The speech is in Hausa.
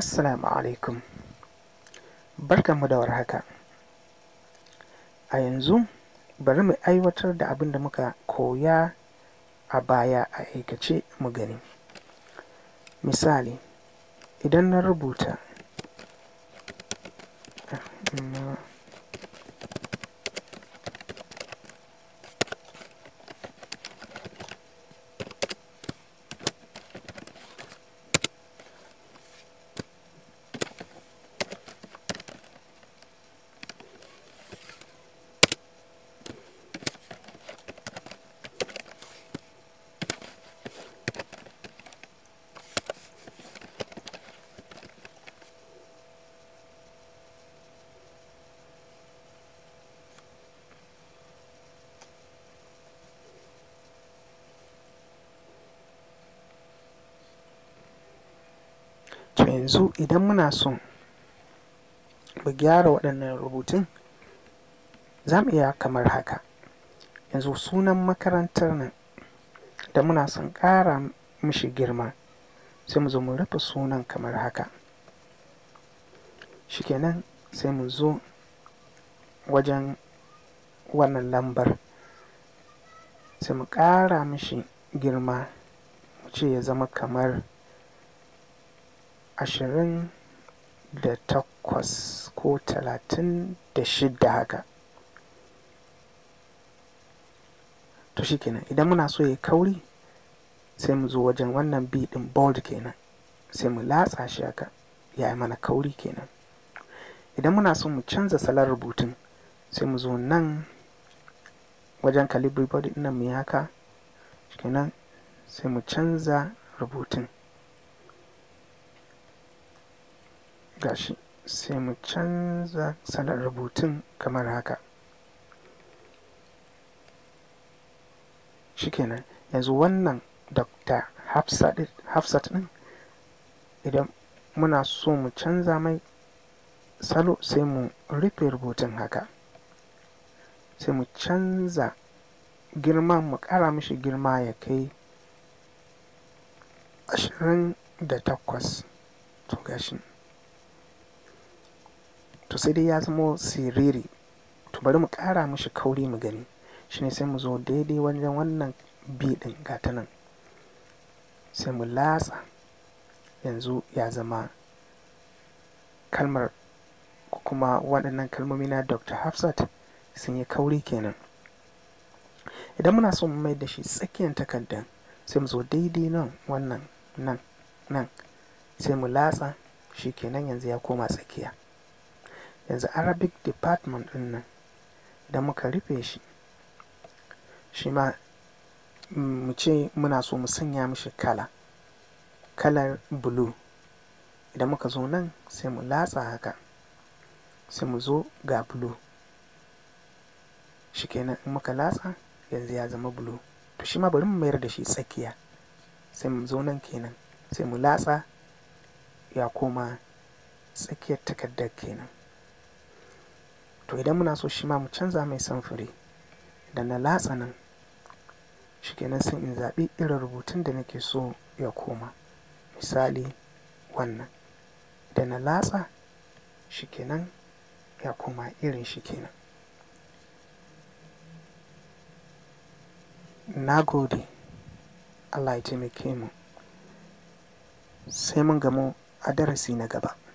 Assalamu alaikum barkanmu da haka. a yanzu bari mu aiwatar da abin da muka koya a baya a aikace mu gani misali idan na rubuta yanzu idan muna so mu gyara waɗannan rubutun za mu iya kamar haka yanzu sunan makarantar nan da muna son ƙara mishi girma sai mu zo mu rufe sunan kamar haka shi shikenan sai mu zo wajen wannan lambar sai mu ƙara mishi girma mu ce ya zama kamar ashirin da takwas ko talatin da shida haka to shi kenan idan muna so ya kauri sai mu zo wajen wannan din bold kenan sai mu latsa shi haka ya yi mana kauri kenan idan muna so mu canza salon rubutun sai mu zo nan wajen calibri body ɗin mu yi haka kenan sai mu canza rubutun gashi sai mu canza salon rubutun kamar haka shikenan yanzu wannan dr hafsat din idan muna so mu canza mai salo sai mu rufe rubutun haka sai mu canza girma mu kara mishi girma ya kai ashirin da takwas to gashi sai dai ya zama siriri to bari mu ƙara mishi kauri mu gani shine sai mu zo daidai wajen wannan biɗin ɗin gata nan sai mu latsa yanzu ya zama kalmar kuma waɗannan kalmomi na dr hafsat sun yi kauri kenan idan muna so mu mai da shi tsakiyar takardar sai mu zo daidai nan wannan nan nan sai mu latsa shi kenan yanzu ya koma tsakiya yanzu arabic department din nan da muka rufe shi shi ma mu ce muna so mu sanya mishi kala kalar blue idan muka zo nan sai mu latsa haka sai mu zo ga blue shi kenan in muka latsa yanzu ya zama blue to shi ma bari mu mayar da shi tsakiya sai mu zo nan kenan sai mu latsa ya koma tsakiyar takardar kenan to idan muna so shi ma mu canza mai samfuri da na latsa nan shikenan sai in zaɓi irin rubutun da nake so ya koma misali wannan da na latsa shikenan ya koma irin shikenan na gode allah ya taimake mu sai mun gamu a darasi na gaba